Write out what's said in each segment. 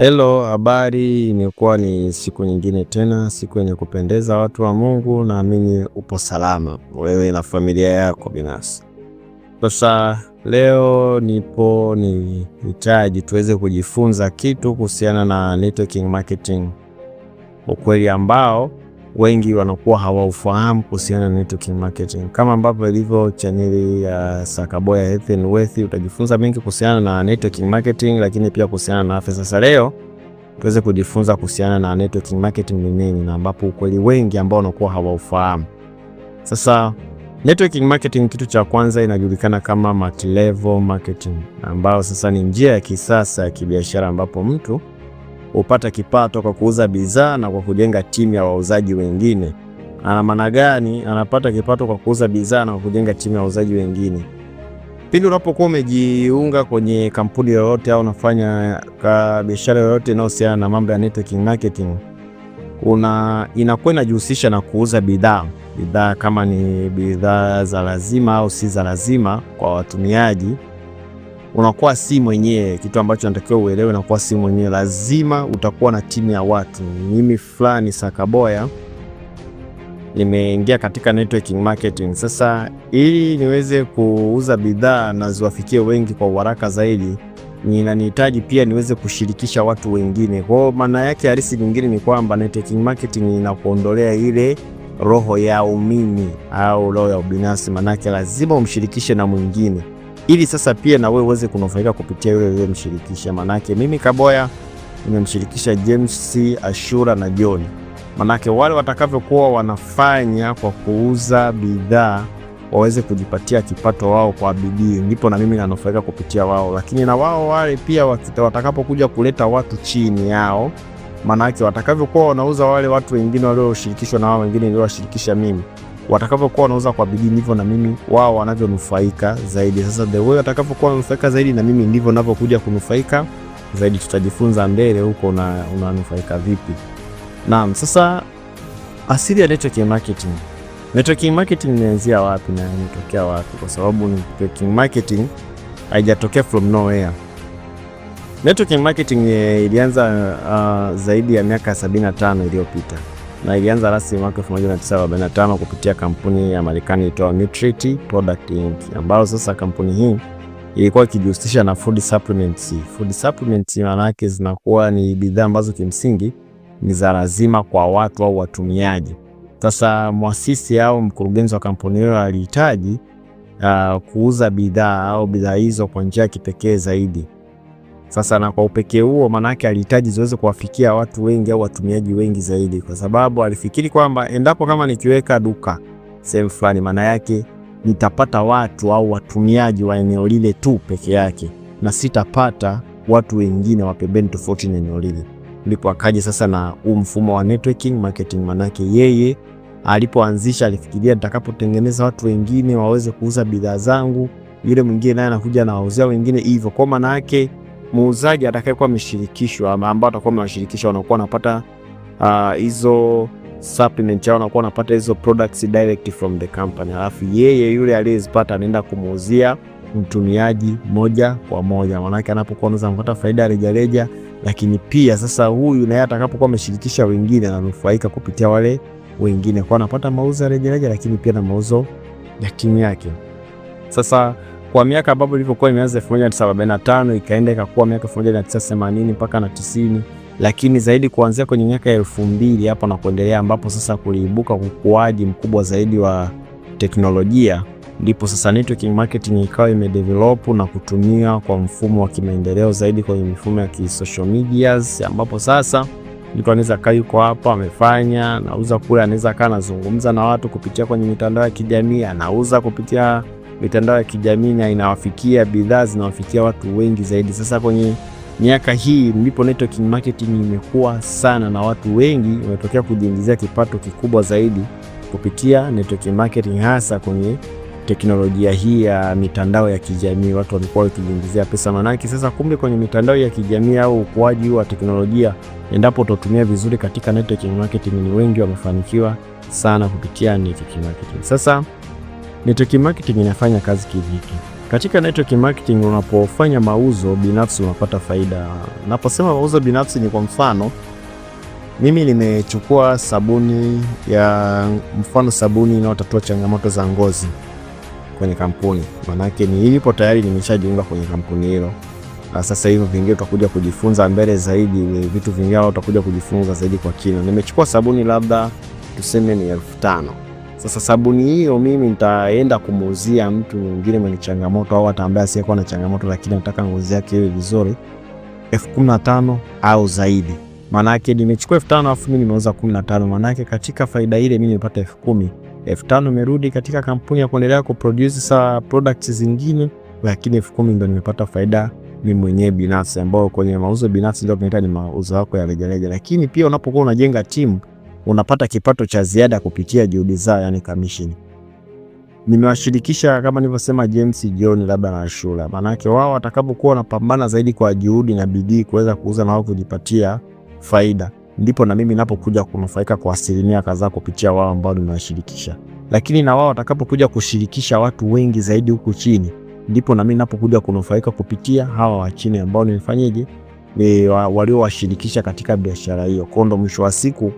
Hello, habari. Imekuwa ni siku nyingine tena, siku yenye kupendeza, watu wa Mungu. Naamini upo salama, wewe na familia yako binafsi. Sasa leo nipo ni hitaji tuweze kujifunza kitu kuhusiana na networking marketing, ukweli ambao wengi wanakuwa hawaufahamu kuhusiana na network marketing. Kama ambavyo ilivyo chaneli ya Sakaboya Health and Wealth, utajifunza mengi kuhusiana na network marketing, lakini pia kuhusiana na afya. Sasa leo tuweze kujifunza kuhusiana na network marketing ni nini na ambapo ukweli wengi ambao wanakuwa hawaufahamu. Sasa network marketing, kitu cha kwanza inajulikana kama multi level marketing, ambayo sasa ni njia ya kisasa ya kibiashara ambapo mtu hupata kipato kwa kuuza bidhaa na kwa kujenga timu ya wauzaji wengine. Ana maana gani? Anapata kipato kwa kuuza bidhaa na kwa kujenga timu ya wauzaji wengine. Pindi unapokuwa umejiunga kwenye kampuni yoyote au unafanya biashara yoyote inayohusiana na mambo ya networking marketing, una inakuwa inajihusisha na kuuza bidhaa bidhaa, kama ni bidhaa za lazima au si za lazima kwa watumiaji unakuwa si mwenyewe. Kitu ambacho natakiwa uelewe, unakuwa si mwenyewe, lazima utakuwa na timu ya watu. Mimi fulani Sakaboya nimeingia katika networking marketing. Sasa ili niweze kuuza bidhaa na ziwafikie wengi kwa uharaka zaidi, ninanihitaji pia niweze kushirikisha watu wengine. Kwa maana yake halisi nyingine ni kwamba networking marketing inakuondolea ile roho ya umimi au roho ya ubinafsi, maanake lazima umshirikishe na mwingine ili sasa pia na wewe uweze kunufaika kupitia yule uliyemshirikisha. Manake mimi Kaboya nimemshirikisha James, Ashura na John, manake wale watakavyokuwa wanafanya kwa kuuza bidhaa waweze kujipatia kipato wao kwa bidii, ndipo na mimi nanufaika kupitia wao. Lakini na wao wale pia watakapokuja kuleta watu chini yao, maanake watakavyokuwa wanauza wale watu wengine walioshirikishwa na wao wengine ndio mimi watakavyokuwa wanauza kwa bidii ndivyo na mimi wao wanavyonufaika zaidi. Sasa the way watakavyokuwa wanufaika zaidi na mimi ndivyo navyokuja kunufaika zaidi. Tutajifunza mbele huko una, unanufaika vipi. Naam, sasa asili ya network marketing. Network marketing inaanzia wapi na inatokea wapi? Kwa sababu network marketing haijatokea from nowhere. Network marketing ilianza uh, zaidi ya miaka 75 iliyopita na ilianza rasmi mwaka 1945 kupitia kampuni ya Marekani itwa Nutrit Product Inc. ambayo sasa kampuni hii ilikuwa ikijihusisha na food supplements. Food supplements maana yake zinakuwa ni bidhaa ambazo kimsingi ni za lazima kwa watu au watumiaji. Sasa mwasisi au mkurugenzi wa kampuni hiyo alihitaji uh, kuuza bidhaa au bidhaa hizo kwa njia ya kipekee zaidi. Sasa na kwa upekee huo, maanake alihitaji ziweze kuwafikia watu wengi au watumiaji wengi zaidi, kwa sababu alifikiri kwamba endapo kama nikiweka duka sehemu fulani, maana yake nitapata watu au watumiaji wa eneo lile tu peke yake na sitapata watu wengine wa pembeni tofauti na eneo lile. Ndipo akaja sasa na huu mfumo wa networking marketing, Maana yake yeye alipoanzisha alifikiria nitakapotengeneza watu wengine waweze kuuza bidhaa zangu, yule mwingine naye anakuja anawauzia wengine hivyo, kwa maana yake muuzaji atakayekuwa ameshirikishwa ama ambao atakuwa amewashirikisha wanakuwa wanapata uh, hizo uh, supplement au wanakuwa wanapata hizo products direct from the company, alafu yeye yule aliyezipata anaenda kumuuzia mtumiaji moja kwa moja, maanake anapokuwa anaweza kupata faida rejareja, lakini pia sasa huyu naye atakapokuwa ameshirikisha wengine ananufaika kupitia wale wengine, kwa anapata mauzo ya rejareja, lakini pia na mauzo ya timu yake sasa kwa miaka ambapo ilivyokuwa imeanza 1945 ikaenda ikakuwa miaka 1980 mpaka na 90, lakini zaidi kuanzia kwenye miaka elfu mbili hapo na kuendelea, ambapo sasa kuliibuka ukuaji mkubwa zaidi wa teknolojia, ndipo sasa networking marketing ikawa imedevelop na kutumia kwa mfumo wa kimaendeleo zaidi kwenye mifumo ya kisocial media, ambapo sasa mtu anaweza kaa yuko hapa amefanya nauza kule, anaweza kaa anazungumza na watu kupitia kwenye mitandao ya kijamii, anauza kupitia mitandao ya kijamii na inawafikia bidhaa zinawafikia watu wengi zaidi. Sasa kwenye miaka hii ndipo networking marketing imekuwa sana na watu wengi wametokea kujiingizia kipato kikubwa zaidi kupitia networking marketing, hasa kwenye teknolojia hii ya mitandao ya kijamii. Watu wamekuwa wakijiingizia pesa manake, sasa kumbe kwenye mitandao ya kijamii au ukuaji wa teknolojia, endapo utatumia vizuri katika networking marketing, ni wengi wamefanikiwa sana kupitia networking marketing. Sasa Network marketing inafanya kazi kiviki. Katika network marketing unapofanya mauzo binafsi unapata faida. Naposema mauzo binafsi ni kwa mfano, mimi nimechukua sabuni ya mfano, sabuni inayotatua changamoto za ngozi kwenye kampuni, maanake nilipo tayari nimeshajiunga kwenye kampuni hilo. Sasa hivyo vingine tutakuja kujifunza mbele zaidi, vitu vingine utakuja kujifunza zaidi kwa kina. Nimechukua sabuni labda tuseme ni elfu tano sasa sabuni hiyo mimi nitaenda kumuuzia mtu mwingine mwenye changamoto au hata ambaye asiyekuwa na changamoto, lakini nataka ngozi yake iwe vizuri, elfu kumi na tano au zaidi. Maana yake nimechukua elfu tano afu mimi nimeuza elfu kumi na tano maana yake katika faida ile mimi nimepata elfu kumi elfu tano imerudi katika kampuni ya kuendelea kuproduce sa products zingine, lakini elfu kumi ndo nimepata faida mimi mwenyewe binafsi, ambao kwenye mauzo binafsi ndio tunaita ni mauzo yako ya rejareja. Lakini pia unapokuwa unajenga timu unapata kipato cha ziada kupitia juhudi zao, yani commission. Nimewashirikisha kama nilivyosema, James John labda na Ashura, maanake wao watakapokuwa wanapambana zaidi kwa juhudi na bidii kuweza kuuza na wao kujipatia faida, ndipo na mimi napokuja kunufaika kwa asilimia kadhaa kupitia wao ambao nimewashirikisha. Lakini na wao watakapokuja kushirikisha watu wengi zaidi huku chini, ndipo na mimi napokuja kunufaika kupitia hawa wa chini ambao nilifanyeje, e, waliowashirikisha katika biashara hiyo. Kwa ndo mwisho wa siku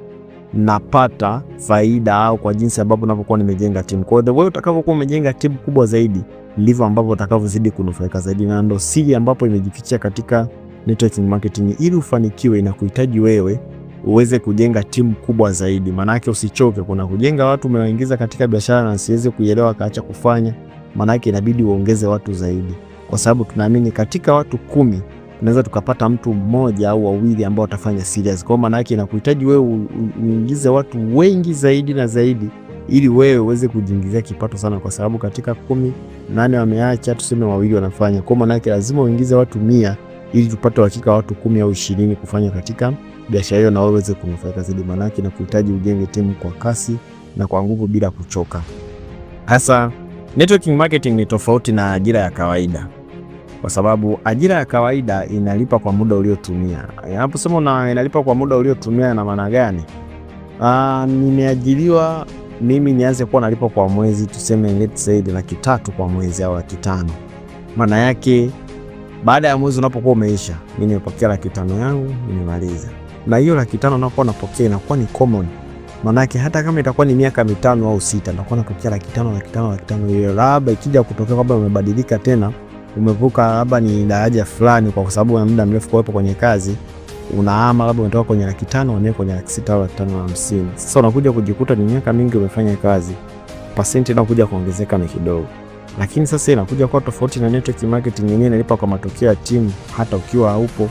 napata faida au kwa jinsi ambavyo ninapokuwa nimejenga timu. Kwa hiyo wewe utakavyokuwa umejenga timu kubwa zaidi, ndivyo ambavyo utakavyozidi kunufaika zaidi, na ndio siri ambapo imejificha katika networking marketing. Ili ufanikiwe, inakuhitaji wewe uweze kujenga timu kubwa zaidi. Maana yake usichoke, kuna kujenga watu umewaingiza katika biashara na siwezi kuielewa akaacha kufanya, maana yake inabidi uongeze watu zaidi, kwa sababu tunaamini katika watu kumi tunaweza tukapata mtu mmoja au wawili ambao watafanya serious. Kwa maana yake inakuhitaji wewe uingize watu wengi zaidi na zaidi, ili wewe uweze kujiingizia kipato sana, kwa sababu katika kumi nane wameacha, tuseme wawili wanafanya. Kwa maana yake lazima uingize watu mia ili tupate uhakika watu kumi au ishirini kufanya katika biashara hiyo, na wewe uweze kunufaika zaidi. Maana yake inakuhitaji ujenge timu kwa kasi na kwa nguvu bila kuchoka. Hasa networking marketing ni tofauti na ajira ya kawaida kwa sababu ajira ya kawaida inalipa kwa muda uliotumia. Naposema na inalipa kwa muda uliotumia, na maana gani? Ah, nimeajiriwa mimi nianze kuwa nalipa kwa mwezi, tuseme let's say laki tatu kwa mwezi au laki tano. Maana yake baada ya mwezi unapokuwa umeisha, mimi nimepokea laki tano yangu, nimemaliza. Na hiyo laki tano unapokuwa unapokea inakuwa ni common. Maana yake hata kama itakuwa ni miaka mitano au sita, nitakuwa napokea laki tano laki tano laki tano. Hiyo labda ikija kutokea kwamba umebadilika tena umevuka labda ni daraja fulani, kwa sababu una muda mrefu kuwepo kwenye kazi, unahama labda umetoka kwenye laki tano unaenda kwenye laki sita au laki tano na hamsini. Sasa unakuja kujikuta ni miaka mingi umefanya kazi, pasenti inakuja kuongezeka ni kidogo, lakini sasa inakuja kuwa tofauti na network marketing yenyewe, inalipa kwa matokeo ya timu hata ukiwa haupo.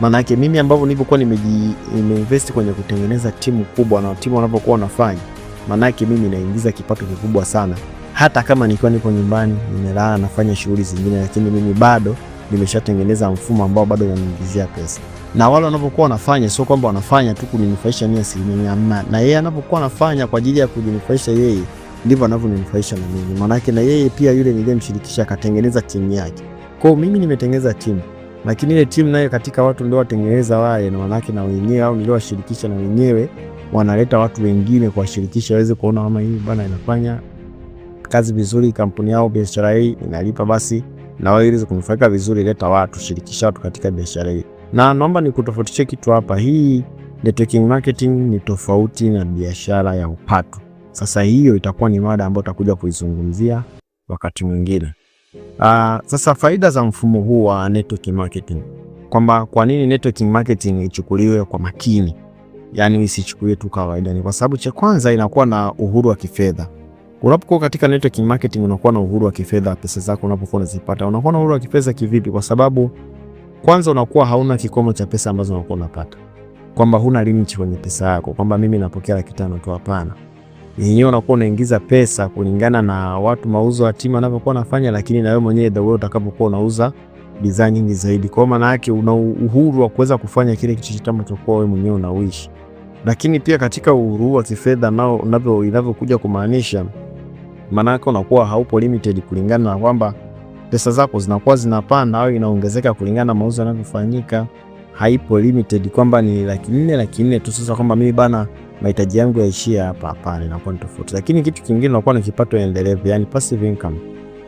Maana yake mimi ambavyo nilivyokuwa nimeinvest kwenye kutengeneza timu kubwa, na timu wanapokuwa wanafanya, maana yake mimi naingiza kipato kikubwa sana hata kama nikiwa niko nyumbani nimelala nafanya shughuli zingine, lakini mimi bado nimeshatengeneza mfumo ambao bado unaniingizia pesa. Na wale wanapokuwa wanafanya, sio kwamba wanafanya tu kuninufaisha mimi asilimia mia hamna, na yeye anapokuwa anafanya kwa ajili ya kujinufaisha yeye, ndivyo anavyoninufaisha na mimi, Maana yake na yeye pia yule niliyemshirikisha akatengeneza timu yake. Kwa hiyo mimi nimetengeneza timu, lakini ile timu nayo katika watu ndio watengeneza wale, na maanake na wenyewe au niliowashirikisha na wenyewe wanaleta watu wengine kuwashirikisha waweze kuona kama hii bana inafanya kazi vizuri, kampuni yao biashara hii inalipa, basi na wewe ili kunufaika vizuri, leta watu, shirikisha watu katika biashara hii. Na naomba nikutofautishe kitu hapa, hii networking marketing ni tofauti na biashara ya upatu. Sasa hiyo itakuwa ni mada ambayo tutakuja kuizungumzia wakati mwingine. Uh, sasa faida za mfumo huu wa networking marketing, kwamba kwa nini networking marketing ichukuliwe kwa makini, yani isichukuliwe tu kawaida, ni kwa sababu cha kwanza inakuwa na uhuru wa kifedha. Unapokuwa katika networking marketing unakuwa na uhuru wa kifedha. Pesa zako unapokuwa unazipata unakuwa na uhuru wa kifedha kivipi? Kwa sababu kwanza unakuwa hauna kikomo cha pesa ambazo unakuwa unapata, kwamba huna limit kwenye pesa yako, kwamba mimi napokea laki tano kwa Hapana, yenyewe unakuwa unaingiza pesa kulingana na watu, mauzo ya timu anavyokuwa anafanya, lakini na wewe mwenyewe the way utakapokuwa unauza bidhaa nyingi zaidi. Kwa maana yake una uhuru wa kuweza kufanya kile kitu ambacho wewe mwenyewe unawishi, lakini pia katika uhuru wa kifedha nao inavyokuja kumaanisha maana yake unakuwa haupo limited kulingana na kwamba pesa zako zinakuwa zinapanda au inaongezeka kulingana na mauzo yanavyofanyika. Haipo limited kwamba ni laki nne laki nne tu, sasa kwamba mimi bana mahitaji yangu yaishia hapa. Hapana, inakuwa ni tofauti. Lakini kitu kingine unakuwa na kipato endelevu, yani passive income.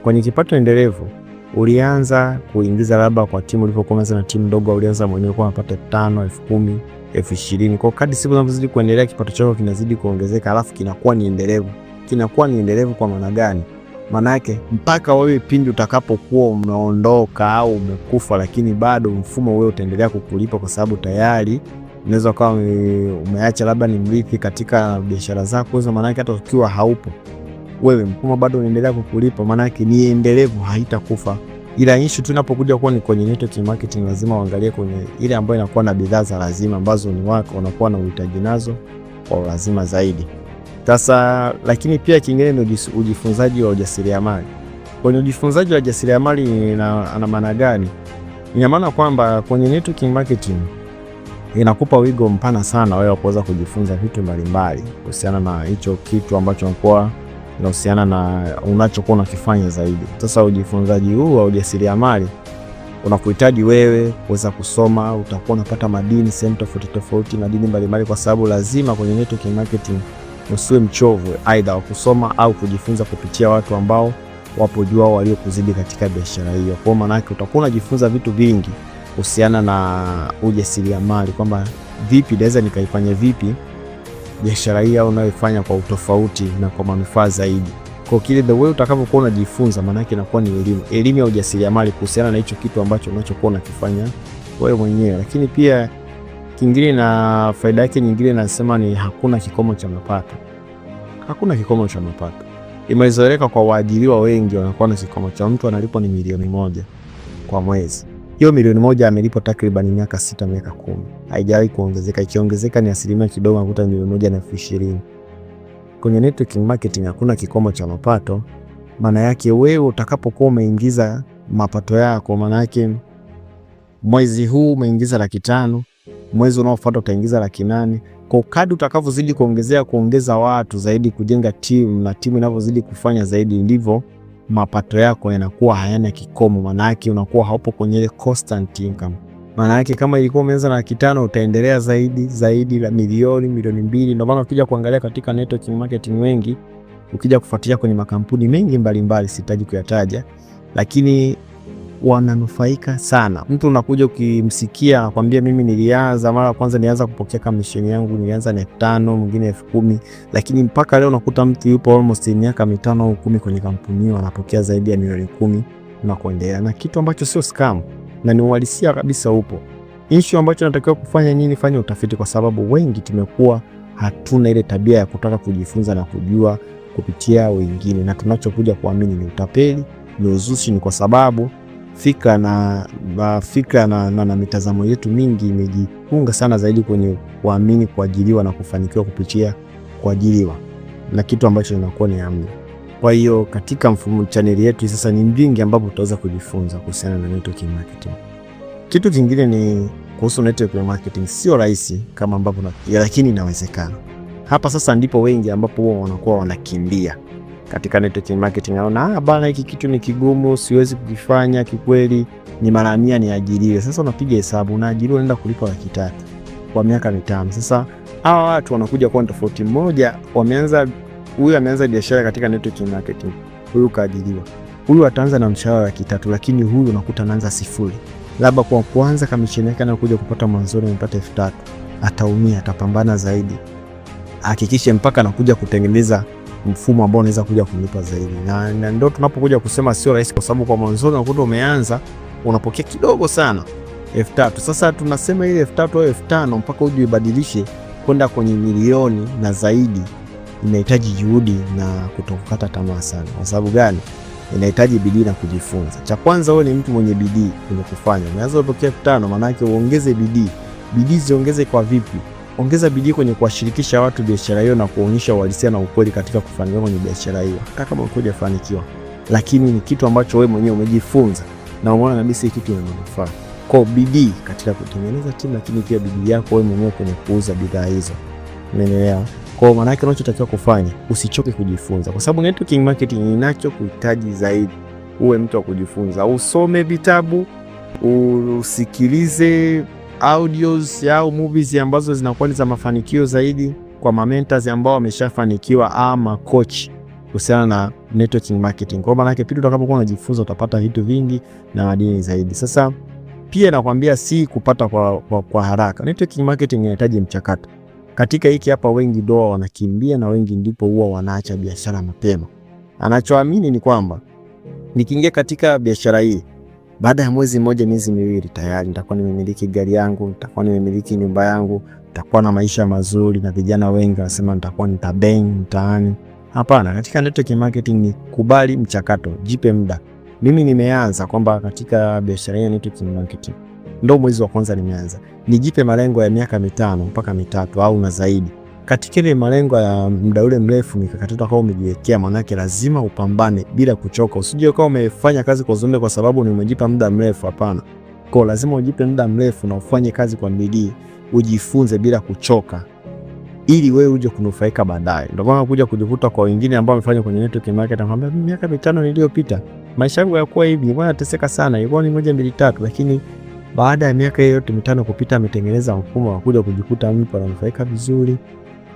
Kwenye kipato endelevu ulianza kuingiza labda kwa timu ulipokuwa na timu ndogo, ulianza mwenyewe kwa mapato elfu tano elfu kumi elfu ishirini Kwa kadri siku zinavyozidi kuendelea, kipato chako kinazidi kuongezeka, alafu kinakuwa ni endelevu kinakuwa ni endelevu kwa maana gani? Maana yake mpaka wewe pindi utakapokuwa umeondoka au umekufa, lakini bado mfumo wewe utaendelea kukulipa kwa sababu tayari unaweza ukawa umeacha labda ni mrithi katika biashara zako hizo. Maana yake hata ukiwa haupo wewe, mfumo bado unaendelea kukulipa, maana yake ni endelevu, haitakufa. Ila issue tu inapokuja kuwa ni kwenye network marketing, lazima uangalie kwenye ile ambayo inakuwa na bidhaa za lazima ambazo ni wako unakuwa na uhitaji nazo kwa lazima zaidi. Sasa lakini pia kingine ni ujifunzaji wa ujasiriamali. Kwenye ujifunzaji wa ujasiriamali ana maana gani? Ina maana kwamba kwenye networking marketing inakupa wigo mpana sana wewe kuweza kujifunza vitu mbalimbali kuhusiana na hicho kitu ambacho unakuwa unahusiana na unachokuwa unakifanya zaidi. Sasa ujifunzaji huu wa ujasiriamali unakuhitaji wewe kuweza kusoma, utakuwa unapata madini sehemu tofauti tofauti, madini mbalimbali, kwa sababu lazima kwenye networking marketing usiwe mchovu aidha wa kusoma au kujifunza kupitia watu ambao wapo juu au waliokuzidi katika biashara hiyo. Kwa maana yake utakuwa unajifunza vitu vingi kuhusiana na ujasiriamali, kwamba vipi naweza nikaifanya vipi biashara hii au unayoifanya kwa utofauti na kwa manufaa zaidi. Kwa kile the way utakavyokuwa unajifunza, maana yake inakuwa ni elimu, elimu ya ujasiriamali kuhusiana na hicho kitu ambacho unachokuwa unakifanya wewe mwenyewe, lakini pia Kingine na faida yake nyingine nasema ni hakuna kikomo cha mapato, hakuna kikomo cha mapato. Imezoeleka kwa waajiriwa wengi wanakuwa na kikomo cha mtu analipwa ni milioni moja kwa mwezi. Hiyo milioni moja amelipwa takriban miaka sita, miaka kumi, haijawahi kuongezeka. Ikiongezeka ni asilimia kidogo, anakuta milioni moja na elfu ishirini. Kwenye network marketing hakuna kikomo cha mapato. Maana yake wewe utakapokuwa umeingiza mapato yako, maana yake mwezi huu umeingiza laki tano mwezi unaofuata utaingiza laki nane. Kwa kadri utakavyozidi kuongezea kuongeza watu zaidi, kujenga timu na timu inavyozidi kufanya zaidi, ndivyo mapato yako yanakuwa hayana kikomo. Maana yake unakuwa haupo kwenye ile constant income. Maana yake kama ilikuwa umeanza na laki tano utaendelea zaidi zaidi, la milioni milioni mbili. Ndio maana ukija kuangalia katika network marketing, wengi ukija kufuatilia kwenye makampuni mengi mbalimbali, sitaji kuyataja, lakini wananufaika sana. Mtu unakuja ukimsikia akwambia, mimi nilianza mara ya kwanza, nilianza kupokea kamisheni yangu, nilianza na elfu tano mwingine elfu kumi lakini mpaka leo unakuta mtu yupo almost miaka mitano au kumi kwenye kampuni hiyo anapokea zaidi ya milioni kumi na kuendelea, na kitu ambacho sio scam na ni uhalisia kabisa upo. Ishu ambacho natakiwa kufanya nini? Fanya utafiti, kwa sababu wengi tumekuwa hatuna ile tabia ya kutaka kujifunza na kujua kupitia wengine, na tunachokuja kuamini ni utapeli, ni uzushi, ni kwa sababu fikra na, na, fikra na, na, na mitazamo yetu mingi imejifunga sana zaidi kwenye kuamini kuajiriwa na kufanikiwa kupitia kuajiriwa na kitu ambacho inakuwa ni amri. Kwa hiyo katika mfumo chaneli yetu sasa ni vingi ambapo tutaweza kujifunza kuhusiana na network marketing. Kitu kingine ni kuhusu network marketing, sio rahisi kama ambavyo, lakini inawezekana. Hapa sasa ndipo wengi ambapo wanakuwa wanakimbia katika network marketing, naona ah, bana hiki kitu ni kigumu, siwezi kukifanya kikweli, ni mara mia niajiriwe. Sasa unapiga hesabu, unaajiriwa unaenda kulipa laki tatu kwa miaka mitano. Sasa hawa watu wanakuja kwa tofauti moja, wameanza huyu ameanza biashara katika network marketing, huyu kaajiriwa, huyu ataanza na mshahara laki tatu, lakini huyu unakuta anaanza sifuri, labda kwa kuanza kamisheni yake anakuja kupata mwanzoni amepata elfu tatu. Ataumia, atapambana zaidi, hakikishe mpaka anakuja kutengeneza mfumo ambao unaweza kuja kulipa zaidi, na, na ndio tunapokuja kusema sio rahisi, kwa sababu kwa mwanzoni unakuta umeanza unapokea kidogo sana elfu tatu. Sasa tunasema ile elfu tatu au elfu tano mpaka uje ibadilishe kwenda kwenye milioni na zaidi, inahitaji juhudi na kutokukata tamaa sana. Kwa sababu gani? Inahitaji bidii na kujifunza. Cha kwanza, wewe ni mtu mwenye bidii kwenye kufanya. Umeanza kupokea elfu tano, maana yake uongeze bidii. Bidii ziongeze kwa vipi? Ongeza bidii kwenye kuwashirikisha watu biashara hiyo na kuonyesha uhalisia na ukweli katika kufanikiwa kwenye biashara hiyo, hata kama ukiwa hujafanikiwa, lakini ni kitu ambacho wewe mwenyewe umejifunza na umeona kabisa hii kitu kina manufaa. Kwa bidii katika kutengeneza timu, lakini pia bidii yako wewe mwenyewe kwenye kuuza bidhaa hizo. Umeelewa? Kwa maana yake unachotakiwa kufanya usichoke kujifunza, kwa sababu network marketing inachokuhitaji zaidi uwe mtu wa kujifunza, usome vitabu, usikilize audios au movies ambazo zinakuwa ni za mafanikio zaidi kwa mamentors ambao wameshafanikiwa ama coach kuhusiana na networking marketing. Kwa maana yake pindi utakapokuwa unajifunza utapata vitu vingi na madini zaidi. Sasa pia nakwambia si kupata kwa, kwa, kwa haraka. Networking marketing inahitaji mchakato. Katika hiki hapa wengi doa wanakimbia na wengi ndipo huwa wanaacha biashara mapema. Anachoamini ni kwamba nikiingia katika biashara hii baada ya mwezi mmoja, miezi miwili, tayari nitakuwa nimemiliki gari yangu, nitakuwa nimemiliki nyumba yangu, nitakuwa na maisha mazuri. Na vijana wengi wanasema nitakuwa nitabeng mtaani. Hapana, katika network marketing ni kubali mchakato, jipe muda. Mimi nimeanza kwamba katika biashara ya network marketing ndo mwezi wa kwanza nimeanza, nijipe malengo ya miaka mitano mpaka mitatu au na zaidi katika ile malengo ya muda ule mrefu, mikakati yako umejiwekea, maanake lazima upambane bila kuchoka. Usije ukawa umefanya kazi kwa uzembe kwa sababu ni umejipa muda mrefu. Hapana, kwa lazima ujipe muda mrefu na ufanye kazi kwa bidii, ujifunze bila kuchoka, ili wewe uje kunufaika baadaye. Ndio maana kuja kujikuta kwa wengine ambao wamefanya kwenye network marketing, anakuambia miaka mitano iliyopita maisha yangu yakuwa hivi, nilikuwa nateseka sana, ilikuwa ni moja mbili tatu, lakini baada ya miaka hiyo yote mitano kupita, ametengeneza mfumo wa kuja kujikuta mtu ananufaika vizuri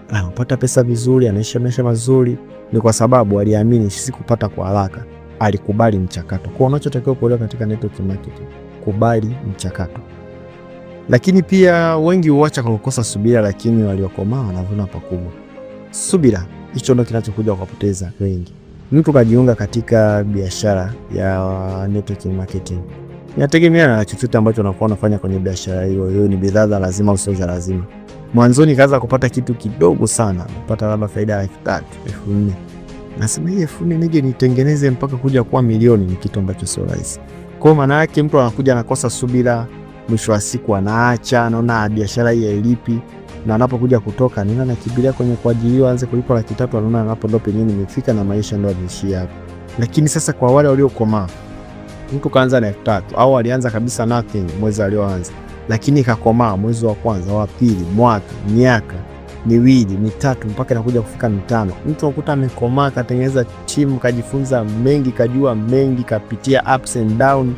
anapata ah, pesa vizuri, anaishi maisha mazuri, ni kwa sababu aliamini, si kupata kwa haraka, alikubali mchakato. Kwa unachotakiwa kuelewa katika network marketing, kubali mchakato. Lakini pia wengi huacha kwa kukosa subira, lakini waliokomaa wanavuna pakubwa. Subira, hicho ndo kinachokuja kwa kupoteza wengi. Mtu kajiunga katika biashara ya network marketing inategemea na chochote ambacho unakuwa unafanya kwenye biashara hiyo. Hiyo ni bidhaa za lazima au sio za lazima mwanzoni kaanza kupata kitu kidogo sana, kupata labda faida elfu tatu elfu nne nasema hii elfu nne nije nitengeneze mpaka kuja kuwa milioni ni kitu ambacho sio rahisi. Kwa maana yake mtu anakuja anakosa subira, mwisho wa siku anaacha, anaona biashara hii hailipi, na anapokuja kutoka nina nakimbilia kwenye kuajiriwa, anze kulipa laki tatu, anaona anapo ndo penyewe nimefika na maisha ndo yanaishia hapo. Lakini sasa kwa wale waliokomaa, mtu kaanza na elfu tatu au alianza kabisa nothing mwezi alioanza lakini ikakomaa mwezi wa kwanza, wa pili, mwaka, miaka miwili mitatu, mpaka inakuja kufika mitano. Mtu akuta amekomaa, katengeneza timu, kajifunza mengi, kajua mengi, kapitia ups and down,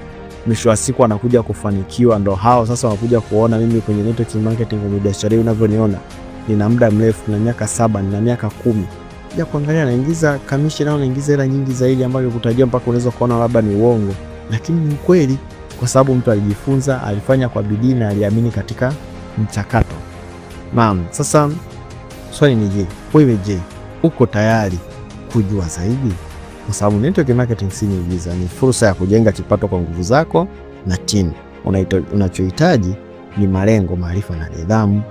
mwisho wa siku anakuja kufanikiwa. Ndo hao sasa wanakuja kuona mimi kwenye network marketing, kwenye biashara hii unavyoniona, nina muda mrefu, na miaka saba, nina miaka kumi ya kuangalia, naingiza kamishi nao, naingiza hela nyingi zaidi, ambayo kutajia mpaka unaweza kuona labda ni uongo, lakini ni ukweli kwa sababu mtu alijifunza, alifanya kwa bidii na aliamini katika mchakato. Naam, sasa swali ni je, wewe je, uko tayari kujua zaidi? Kwa sababu network marketing si miujiza, ni fursa ya kujenga kipato kwa nguvu zako na timu. Unachohitaji ni malengo, maarifa na nidhamu.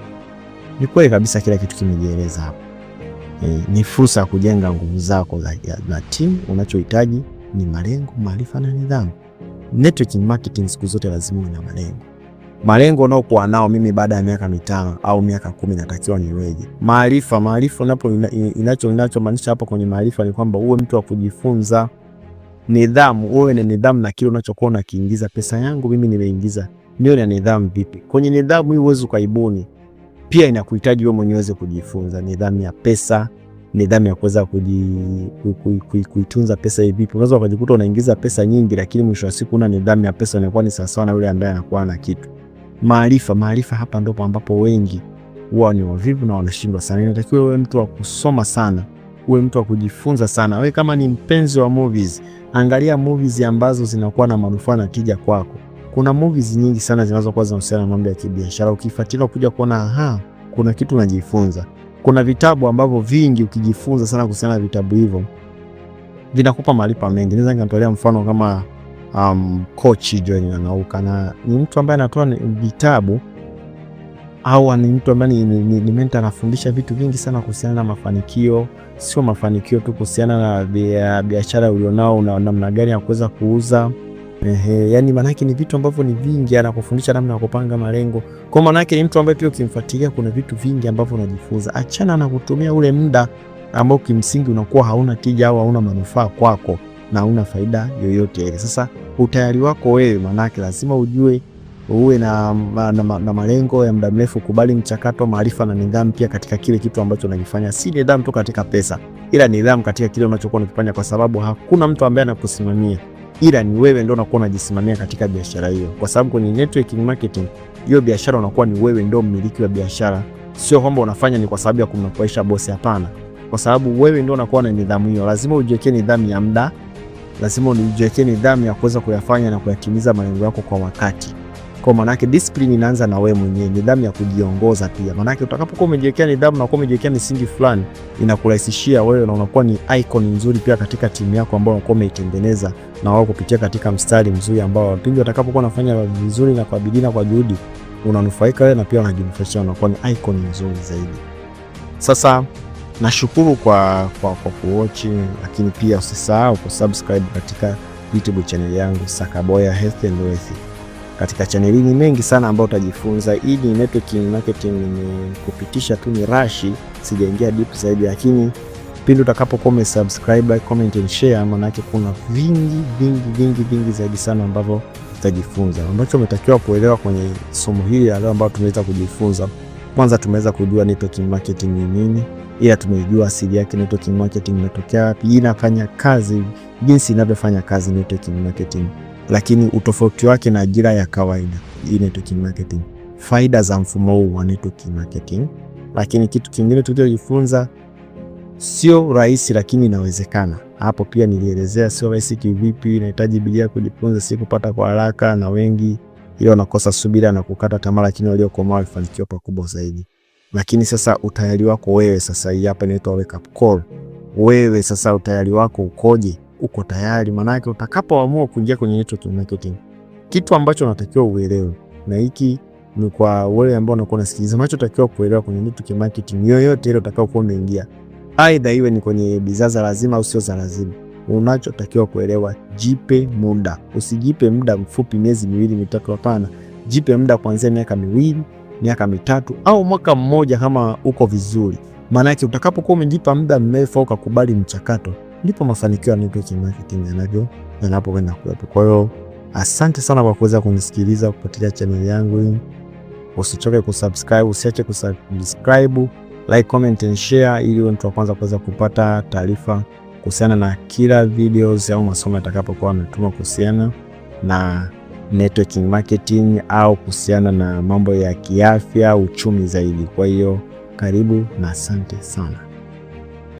Ni kweli kabisa, kila kitu kimejieleza hapo. E, ni fursa ya kujenga nguvu zako na timu. Unachohitaji ni malengo, maarifa na nidhamu networking marketing siku zote lazima uwe malengo. Malengo unaokuwa nao, mimi baada ya miaka mitano au miaka kumi natakiwa niweje? Maarifa, maarifa napo inacho inachomaanisha hapa kwenye maarifa ni kwamba uwe mtu wa kujifunza. Nidhamu, uwe na nidhamu na kile unachokuwa unakiingiza. Pesa yangu mimi nimeingiza, niwe na nidhamu vipi kwenye nidhamu hii, uweze ukaibuni. Pia inakuhitaji wewe mwenyewe uweze kujifunza nidhamu ya pesa nidhamu ya kuweza kuitunza pesa hivi. Unaweza ukajikuta unaingiza pesa nyingi, lakini mwisho wa siku una nidhamu ya pesa unakuwa ni sawasawa na yule ambaye anakuwa na kitu. Maarifa, maarifa hapa ndipo ambapo wengi huwa ni wavivu na wanashindwa sana. Inatakiwa uwe mtu wa kusoma sana, uwe mtu wa kujifunza sana. Wewe kama ni mpenzi wa movies, angalia movies ambazo zinakuwa na manufaa na tija kwako. Kuna movies nyingi sana zinazokuwa zinahusiana na mambo ya kibiashara, ukifuatilia kuja kuona aha, kuna kitu unajifunza kuna vitabu ambavyo vingi ukijifunza sana kuhusiana na vitabu hivyo vinakupa maarifa mengi. Naweza nikatolea mfano kama um, Kochi John Nanauka na ni mtu ambaye anatoa vitabu au ni mtu ambaye ni, ni, ni, ni mentor, anafundisha vitu vingi sana kuhusiana na mafanikio, sio mafanikio tu, kuhusiana na biashara ulionao na namna gani ya kuweza kuuza Ehe, yani manake ni vitu ambavyo ni vingi, anakufundisha namna ya kupanga malengo. Kwa maana ni mtu ambaye pia ukimfuatilia kuna vitu vingi ambavyo unajifunza. Achana na kutumia ule muda ambao kimsingi unakuwa hauna tija au hauna manufaa kwako na hauna faida yoyote ile. Sasa utayari wako wewe, manake lazima ujue uwe na, na, na, na malengo ya muda mrefu, kubali mchakato, maarifa na nidhamu pia katika kile kitu ambacho unakifanya. Si nidhamu tu katika pesa, ila nidhamu katika kile unachokuwa unakifanya, kwa sababu hakuna mtu ambaye anakusimamia ila ni wewe ndio unakuwa unajisimamia katika biashara hiyo, kwa sababu kwenye network marketing hiyo biashara unakuwa ni wewe ndio mmiliki wa biashara, sio kwamba unafanya ni kwa sababu ya kumnufaisha bosi. Hapana, kwa sababu wewe ndio unakuwa na nidhamu hiyo. Lazima ujiwekee nidhamu ya muda, lazima ujiwekee nidhamu ya kuweza kuyafanya na kuyatimiza malengo yako kwa wakati. Kwa maana yake discipline inaanza na wewe mwenyewe, nidhamu ya kujiongoza pia. Maana yake utakapokuwa umejiwekea nidhamu na umejiwekea misingi fulani, inakurahisishia wewe na unakuwa ni icon nzuri pia katika timu yako ambayo unakuwa umeitengeneza na wao kupitia katika mstari mzuri ambao wapinzani watakapokuwa wanafanya vizuri na kwa bidii na kwa juhudi, unanufaika wewe na pia unajinufaisha, unakuwa ni icon nzuri zaidi. Sasa nashukuru kwa kwa kwa kuwatch, lakini pia usisahau kusubscribe katika YouTube channel yangu Sakaboya Health and Wealth katika chaneli ni mengi sana ambayo utajifunza. Hii ni networking marketing, nimekupitisha tu ni rashi, sijaingia deep zaidi, lakini pindi utakapokuwa umesubscribe, like, comment and share, manake kuna vingi vingi vingi vingi zaidi sana ambavyo utajifunza, ambacho umetakiwa kuelewa kwenye somo hili leo ambayo tumeweza kujifunza. Kwanza tumeweza kujua networking marketing ni nini, ila tumejua asili yake, networking marketing inatokea wapi, inafanya kazi, jinsi inavyofanya kazi networking marketing lakini utofauti wake na ajira ya kawaida hii network marketing, faida za mfumo huu wa network marketing. Lakini kitu kingine tulichojifunza, sio rahisi lakini inawezekana. Hapo pia nilielezea sio rahisi kivipi, inahitaji bidii ya kujifunza, si kupata kwa haraka, na wengi hiyo wanakosa subira na kukata tamaa, lakini waliokomaa walifanikiwa pakubwa zaidi. Lakini sasa utayari wako wewe, sasa hii hapa inaitwa wake up call. Wewe sasa utayari wako ukoje? uko tayari, manake utakapoamua kuingia kwenye hicho marketing, kitu ambacho unatakiwa uelewe, na hiki ni kwa wale ambao wanakuwa nasikiliza, macho unatakiwa kuelewa kwenye network marketing yoyote ile utakayokuwa umeingia, aidha iwe ni kwenye bidhaa za lazima au sio za lazima, unachotakiwa kuelewa, jipe muda. Usijipe muda mfupi, miezi miwili mitatu, hapana. Jipe muda kuanzia miaka miwili, miaka mitatu au mwaka mmoja, kama uko vizuri. Maanake utakapokuwa umejipa muda mrefu ukakubali mchakato ndipo mafanikio ya network marketing yanavyo yanapokwenda kuwepo. Kwa hiyo asante sana kwa kuweza kunisikiliza kupitia channel yangu hii. Usichoke kusubscribe, usiache kusubscribe, like, comment and share ili mtu wa kwanza kuweza kupata taarifa kuhusiana na kila videos au masomo yatakapokuwa ametuma kuhusiana na networking marketing au kuhusiana na mambo ya kiafya, uchumi zaidi. Kwa hiyo karibu na asante sana.